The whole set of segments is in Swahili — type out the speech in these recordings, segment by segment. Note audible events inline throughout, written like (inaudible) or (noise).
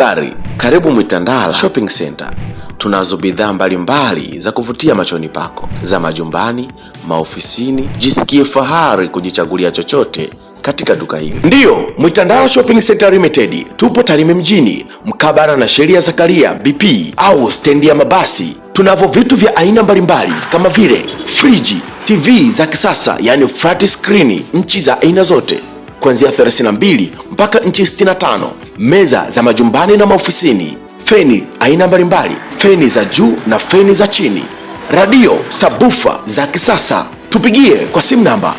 Habari, karibu Mwitandala Shopping Center. Tunazo bidhaa mbalimbali za kuvutia machoni pako za majumbani, maofisini. Jisikie fahari kujichagulia chochote katika duka hili. Ndiyo, Mwitandala Shopping Center Limited. Tupo Tarime mjini mkabara na sheria Zakaria BP au stendi ya mabasi. Tunavyo vitu vya aina mbalimbali kama vile friji, TV za kisasa yani flat screen, nchi za aina zote kuanzia 32 mpaka nchi 65 meza za majumbani na maofisini, feni aina mbalimbali, feni za juu na feni za chini, radio, sabufa za kisasa. Tupigie kwa simu namba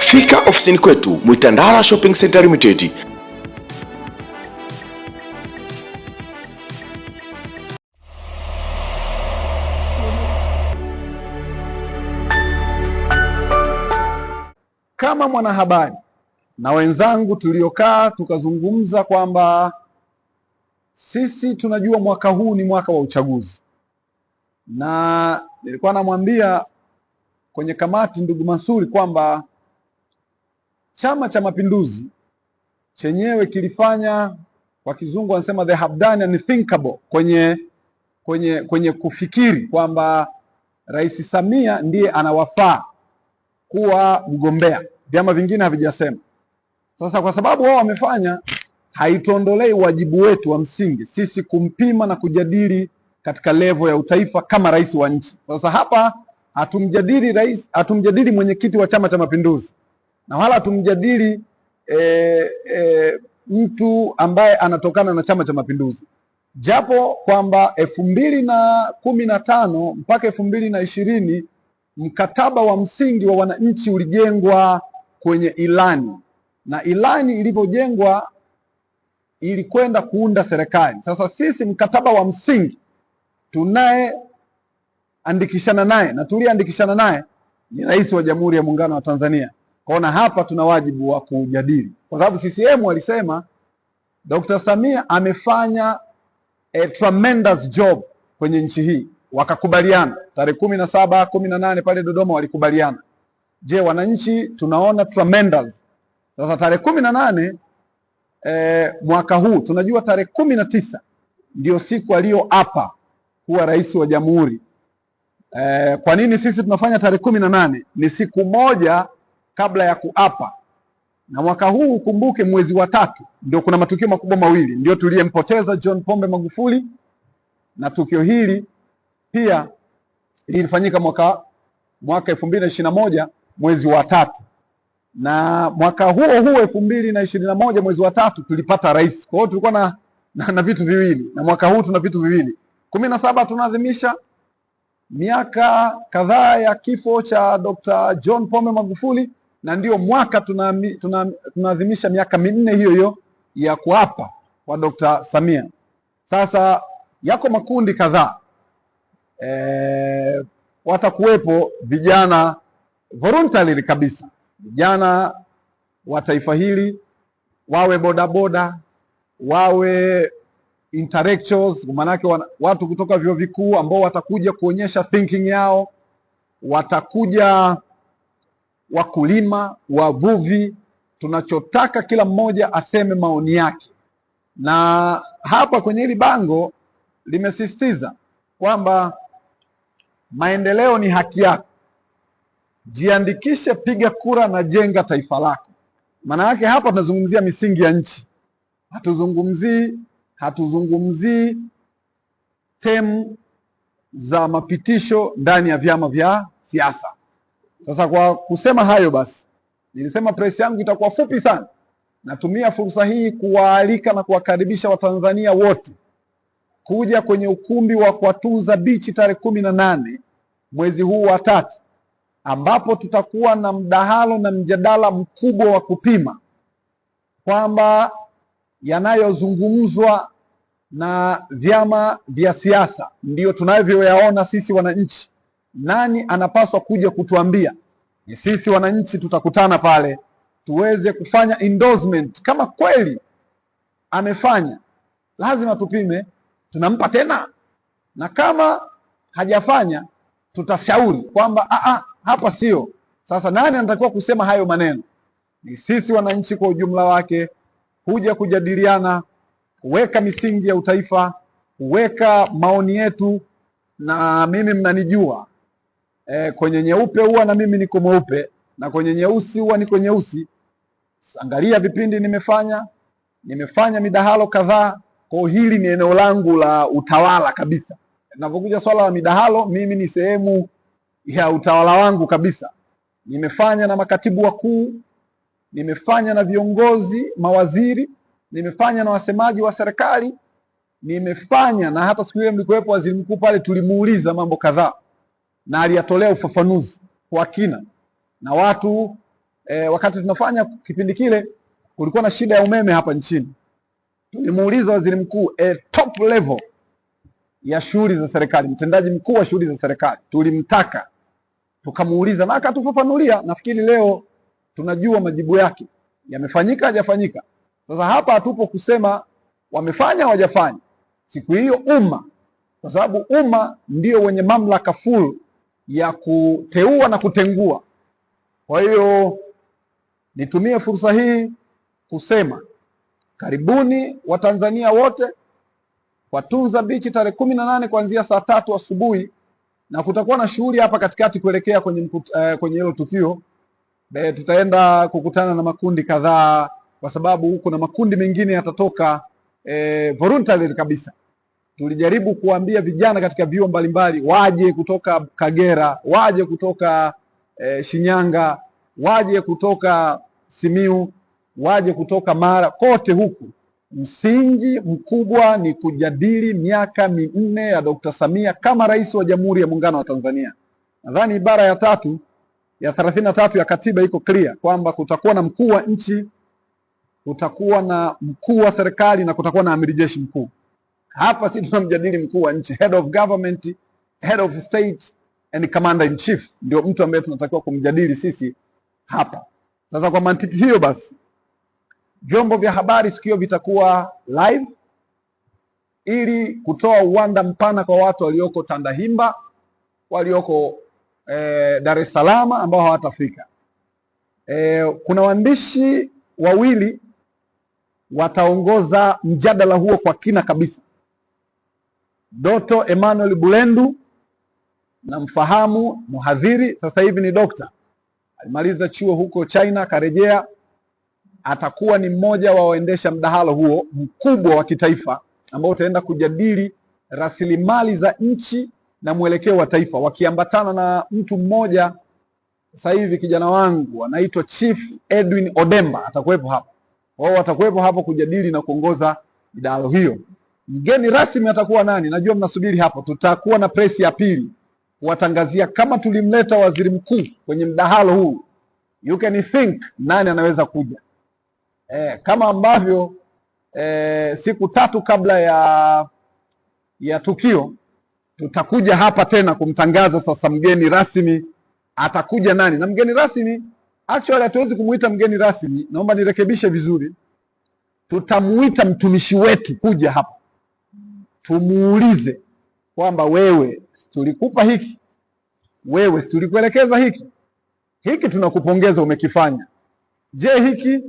Fika ofisini kwetu Mwitandara Shopping Center Limited. kama mwanahabari na wenzangu tuliokaa tukazungumza kwamba sisi tunajua mwaka huu ni mwaka wa uchaguzi, na nilikuwa namwambia kwenye kamati ndugu Mansuri kwamba Chama cha Mapinduzi chenyewe kilifanya kwa kizungu wanasema they have done and thinkable kwenye, kwenye, kwenye kufikiri kwamba Rais Samia ndiye anawafaa kuwa mgombea vyama vingine havijasema. Sasa kwa sababu wao wamefanya, haituondolei wajibu wetu wa msingi sisi kumpima na kujadili katika levo ya utaifa kama rais wa nchi. Sasa hapa hatumjadili rais, hatumjadili mwenyekiti wa Chama cha Mapinduzi na wala hatumjadili e, e, mtu ambaye anatokana na Chama cha Mapinduzi, japo kwamba elfu mbili na kumi na tano mpaka elfu mbili na ishirini mkataba wa msingi wa wananchi ulijengwa kwenye ilani, na ilani ilivyojengwa ilikwenda kuunda serikali. Sasa sisi mkataba wa msingi tunayeandikishana naye na tuliyeandikishana naye ni Rais wa Jamhuri ya Muungano wa Tanzania. Kwaona hapa tuna wajibu wa kujadili, kwa sababu CCM walisema Dr. Samia amefanya a tremendous job kwenye nchi hii, wakakubaliana tarehe kumi na saba kumi na nane pale Dodoma walikubaliana. Je, wananchi tunaona tremendous. Sasa tarehe kumi na nane e, mwaka huu tunajua tarehe kumi na tisa ndio siku aliyoapa kuwa rais wa jamhuri. E, kwa nini sisi tunafanya tarehe kumi na nane? Ni siku moja kabla ya kuapa, na mwaka huu ukumbuke, mwezi wa tatu ndio kuna matukio makubwa mawili, ndio tuliyempoteza John Pombe Magufuli, na tukio hili pia lilifanyika mwaka mwaka elfu mbili na ishirini na moja mwezi wa tatu, na mwaka huo huo elfu mbili na ishirini na moja mwezi wa tatu tulipata rais. Kwa hiyo tulikuwa na, na, na vitu viwili na mwaka huu tuna vitu viwili. kumi na saba tunaadhimisha miaka kadhaa ya kifo cha Dr. John Pombe Magufuli na ndiyo mwaka tunaadhimisha tuna, tuna miaka minne hiyo hiyo ya kuapa kwa Dr. Samia. Sasa yako makundi kadhaa e, watakuwepo vijana voluntarily kabisa vijana wa taifa hili wawe bodaboda wawe intellectuals, maanake watu kutoka vyuo vikuu ambao watakuja kuonyesha thinking yao, watakuja wakulima, wavuvi. Tunachotaka kila mmoja aseme maoni yake, na hapa kwenye hili bango limesisitiza kwamba maendeleo ni haki yako jiandikishe, piga kura na jenga taifa lako. Maana yake hapa tunazungumzia misingi ya nchi, hatuzungumzii hatuzungumzii temu za mapitisho ndani ya vyama vya siasa. Sasa kwa kusema hayo basi, nilisema press yangu itakuwa fupi sana. Natumia fursa hii kuwaalika na kuwakaribisha Watanzania wote kuja kwenye ukumbi wa Kwatuza Bichi tarehe kumi na nane mwezi huu wa tatu ambapo tutakuwa na mdahalo na mjadala mkubwa wa kupima kwamba yanayozungumzwa na vyama vya siasa ndiyo tunavyoyaona sisi wananchi. Nani anapaswa kuja kutuambia? Ni sisi wananchi. Tutakutana pale tuweze kufanya endorsement. Kama kweli amefanya, lazima tupime, tunampa tena, na kama hajafanya tutashauri kwamba a ah, a ah, hapa sio. Sasa nani anatakiwa kusema hayo maneno? Ni sisi wananchi kwa ujumla wake, huja kujadiliana, kuweka misingi ya utaifa, kuweka maoni yetu, na mimi mnanijua e, kwenye nyeupe huwa na mimi niko mweupe na kwenye nyeusi huwa niko nyeusi. Angalia vipindi nimefanya, nimefanya midahalo kadhaa. Kwa hili ni eneo langu la utawala kabisa. Ninapokuja swala la midahalo, mimi ni sehemu ya utawala wangu kabisa. Nimefanya na makatibu wakuu, nimefanya na viongozi, mawaziri, nimefanya na wasemaji wa serikali, nimefanya na hata siku ile mlikuwepo waziri mkuu pale, tulimuuliza mambo kadhaa na aliyatolea ufafanuzi kwa kina na watu e, wakati tunafanya kipindi kile kulikuwa na shida ya umeme hapa nchini. Tulimuuliza waziri mkuu e, top level ya shughuli za serikali, mtendaji mkuu wa shughuli za serikali, tulimtaka tukamuuliza na akatufafanulia. Nafikiri leo tunajua majibu yake, yamefanyika hajafanyika. Sasa hapa hatupo kusema wamefanya hawajafanya, siku hiyo umma, kwa sababu umma ndio wenye mamlaka full ya kuteua na kutengua. Kwa hiyo nitumie fursa hii kusema karibuni Watanzania wote, watunza bichi tarehe kumi na nane kuanzia saa tatu asubuhi na kutakuwa na shughuli hapa katikati kuelekea kwenye mkut, eh, kwenye hilo tukio eh, tutaenda kukutana na makundi kadhaa, kwa sababu huko na makundi mengine yatatoka eh, voluntarily kabisa. Tulijaribu kuambia vijana katika vyuo mbalimbali waje kutoka Kagera, waje kutoka eh, Shinyanga, waje kutoka Simiu, waje kutoka Mara, kote huku Msingi mkubwa ni kujadili miaka minne ya Dr. Samia kama rais wa Jamhuri ya Muungano wa Tanzania. Nadhani ibara ya tatu ya thelathini na tatu ya katiba iko clear kwamba kutakuwa na mkuu wa nchi, kutakuwa na mkuu wa serikali na kutakuwa na amiri jeshi mkuu. Hapa si tunamjadili mkuu wa nchi, head of government, head of state and commander in chief, ndio mtu ambaye tunatakiwa kumjadili sisi hapa. Sasa kwa mantiki hiyo basi Vyombo vya habari siku hiyo vitakuwa live ili kutoa uwanda mpana kwa watu walioko Tandahimba, walioko eh, Dar es Salaam ambao hawatafika. Eh, kuna waandishi wawili wataongoza mjadala huo kwa kina kabisa. Doto Emmanuel Bulendu namfahamu, mhadhiri, sasa hivi ni dokta, alimaliza chuo huko China akarejea atakuwa ni mmoja wa waendesha mdahalo huo mkubwa wa kitaifa ambao utaenda kujadili rasilimali za nchi na mwelekeo wa taifa, wakiambatana na mtu mmoja sasa hivi kijana wangu anaitwa Chief Edwin Odemba atakuwepo hapo. Wao watakuwepo hapo kujadili na kuongoza midahalo hiyo. Mgeni rasmi atakuwa nani? Najua mnasubiri hapo. Tutakuwa na presi ya pili kuwatangazia kama tulimleta waziri mkuu kwenye mdahalo huu. You can think nani anaweza kuja eh, kama ambavyo eh, siku tatu kabla ya ya tukio tutakuja hapa tena kumtangaza sasa mgeni rasmi atakuja nani, na mgeni rasmi actually hatuwezi kumuita mgeni rasmi, naomba nirekebishe vizuri, tutamuita mtumishi wetu kuja hapa tumuulize kwamba wewe, tulikupa hiki, wewe tulikuelekeza hiki, hiki tunakupongeza umekifanya. Je, hiki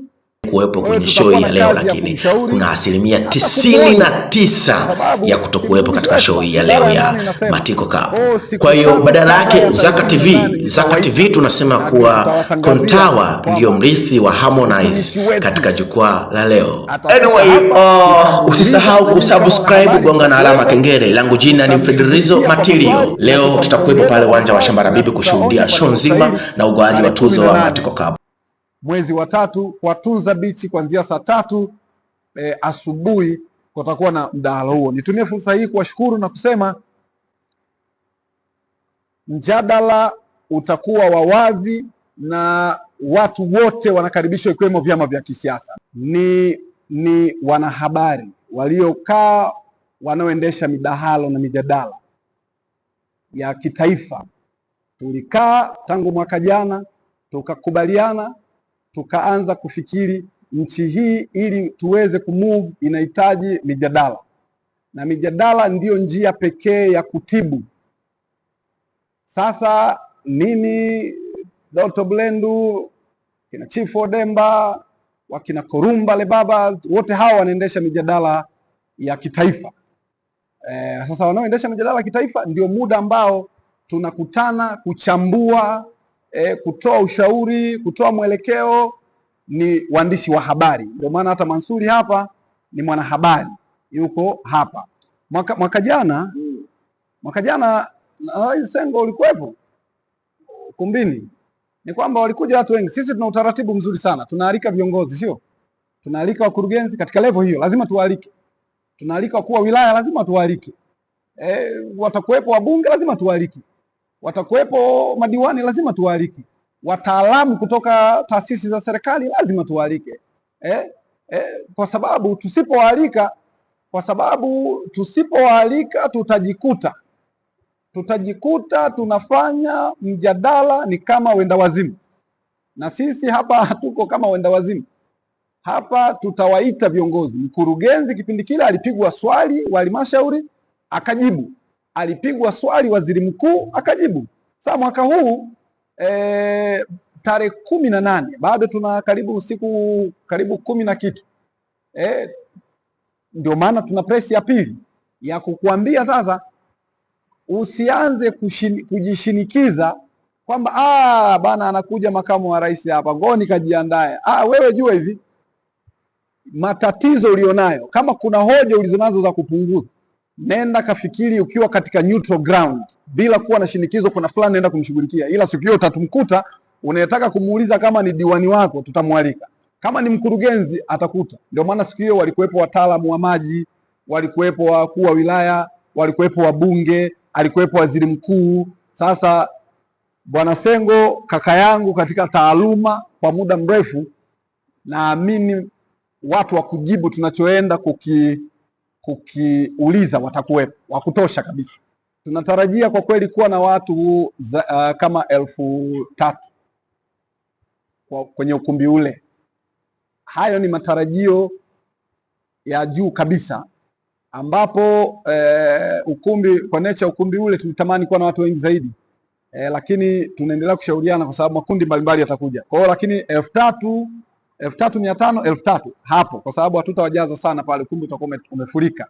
kuwepo eh, kwenye show ya leo, lakini kuna asilimia tisini na tisa ya kutokuwepo katika show hii ya leo ya Matiko Cup. Oh, kwa hiyo badala yake Zaka TV, Zaka TV tunasema kuwa Kontawa ndiyo mrithi wa Harmonize katika jukwaa la leo. Anyway, uh, usisahau kusubscribe, gonga na alama kengele. Langu jina ni Federizo Matilio. Leo tutakuwepo pale uwanja wa Shamba la Bibi kushuhudia show nzima na ugawaji wa tuzo wa Matiko Cup mwezi wa tatu kwa Tunza Beach kuanzia saa tatu e, asubuhi kutakuwa na mdahalo huo. Nitumie fursa hii kuwashukuru na kusema mjadala utakuwa wa wazi na watu wote wanakaribishwa ikiwemo vyama vya kisiasa. Ni, ni wanahabari waliokaa wanaoendesha midahalo na mijadala ya kitaifa. Tulikaa tangu mwaka jana tukakubaliana tukaanza kufikiri nchi hii ili tuweze kumove inahitaji mijadala, na mijadala ndiyo njia pekee ya kutibu. Sasa mimi Doto Blendu, kina Chief Odemba, wakina Korumba Lebaba, wote hawa wanaendesha mijadala ya kitaifa. e. sasa wanaoendesha mijadala ya kitaifa ndio muda ambao tunakutana kuchambua eh, kutoa ushauri, kutoa mwelekeo ni waandishi wa habari. Ndio maana hata Mansuri hapa ni mwanahabari, yuko hapa. Mwaka, mwaka jana mwaka jana na Sengo ulikuwepo kumbini, ni kwamba walikuja watu wengi. Sisi tuna utaratibu mzuri sana, tunaalika viongozi, sio tunaalika wakurugenzi katika levo hiyo, lazima tuwaalike. Tunaalika wakuu wa wilaya, lazima tuwaalike. E, watakuwepo wabunge, lazima tuwaalike watakuwepo madiwani, lazima tuwaalike. Wataalamu kutoka taasisi za serikali lazima tuwaalike eh? Eh, kwa sababu tusipowaalika, kwa sababu tusipowaalika tutajikuta tutajikuta tunafanya mjadala ni kama wenda wazimu, na sisi hapa hatuko (laughs) kama wenda wazimu. Hapa tutawaita viongozi. Mkurugenzi kipindi kile alipigwa swali wa halmashauri akajibu alipigwa swali waziri mkuu akajibu. Sasa mwaka huu e, tarehe kumi na nane bado tuna karibu siku karibu kumi na kitu e, ndio maana tuna presi ya pili ya kukuambia sasa usianze kushin, kujishinikiza kwamba ah, bana anakuja makamu wa rais hapa, ngoni nikajiandae. Ah, wewe jua hivi matatizo ulionayo, kama kuna hoja ulizonazo za kupunguza Nenda kafikiri ukiwa katika neutral ground, bila kuwa na shinikizo kuna fulani naenda kumshughulikia, ila siku hiyo utatumkuta unayetaka kumuuliza. Kama ni diwani wako tutamwalika, kama ni mkurugenzi atakuta. Ndio maana siku hiyo walikuwepo wataalamu wa maji, walikuwepo wakuu wa wilaya, walikuwepo wabunge, alikuwepo waziri mkuu. Sasa Bwana Sengo kaka yangu katika taaluma kwa muda mrefu, naamini watu wa kujibu tunachoenda kuki kukiuliza watakuwepo wa kutosha kabisa. Tunatarajia kwa kweli kuwa na watu za, uh, kama elfu tatu kwa kwenye ukumbi ule. Hayo ni matarajio ya juu kabisa, ambapo eh, ukumbi kwa necha ukumbi ule tulitamani kuwa na watu wengi zaidi eh, lakini tunaendelea kushauriana kwa sababu makundi mbalimbali yatakuja. kwao lakini elfu tatu elfu tatu mia tano elfu tatu hapo, kwa sababu hatutawajaza sana pale, kumbe utakuwa umefurika.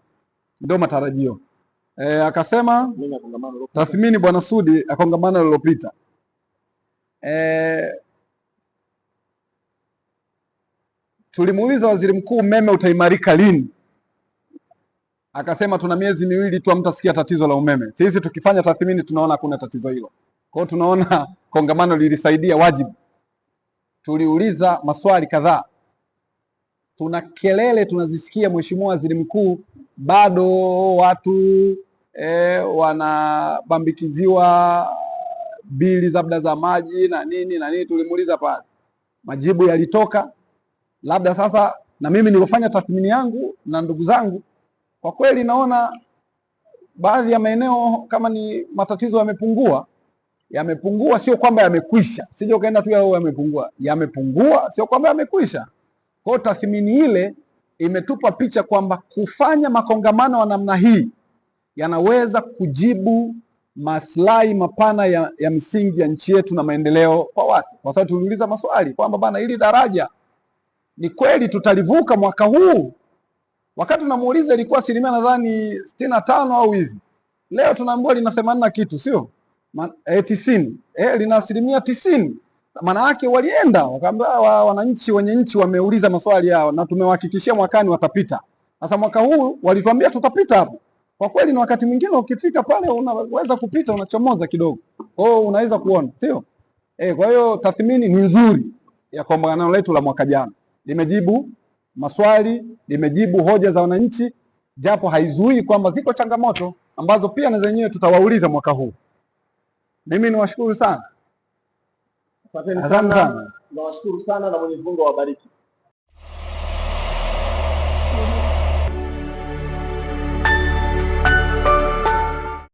Ndio matarajio e. Akasema tathmini, bwana Sudi, ya kongamano lililopita e, tulimuuliza waziri mkuu, umeme utaimarika lini? Akasema tuna miezi miwili tu, hamtasikia tatizo la umeme. Sisi tukifanya tathmini tunaona hakuna tatizo hilo. Kwa hiyo tunaona kongamano lilisaidia wajibu tuliuliza maswali kadhaa. Tuna kelele tunazisikia, Mheshimiwa Waziri Mkuu, bado watu e, wanabambikiziwa bili labda za maji na nini na nini, tulimuuliza pale, majibu yalitoka. Labda sasa na mimi nilifanya tathmini yangu na ndugu zangu, kwa kweli naona baadhi ya maeneo kama ni matatizo yamepungua, Yamepungua sio kwamba yamekwisha, sije ukaenda tu yao yamepungua. Yamepungua sio kwamba yamekwisha. Kwa tathmini ile imetupa picha kwamba kufanya makongamano ya namna hii yanaweza kujibu maslahi mapana ya, ya msingi ya nchi yetu na maendeleo kwa watu, kwa sababu tuliuliza maswali kwamba bana, hili daraja ni kweli tutalivuka mwaka huu? Wakati unamuuliza ilikuwa asilimia nadhani sitini na tano au hivi, leo tunaambiwa lina themanini na kitu, sio e, tisini e, lina asilimia tisini. Maana yake walienda wakaambia wa, wananchi wenye nchi wameuliza maswali yao na tumewahakikishia mwakani watapita. Sasa mwaka huu walituambia tutapita hapo. Kwa kweli, na wakati mwingine ukifika pale unaweza kupita, unachomoza kidogo, kwa hiyo unaweza kuona, sio Eh, Kwa hiyo tathmini ni nzuri ya kongamano letu la mwaka jana, limejibu maswali, limejibu hoja za wananchi, japo haizuii kwamba ziko changamoto ambazo pia na zenyewe tutawauliza mwaka huu. Mimi niwashukuru sana, asante sana, nawashukuru sana na Mwenyezi Mungu awabariki.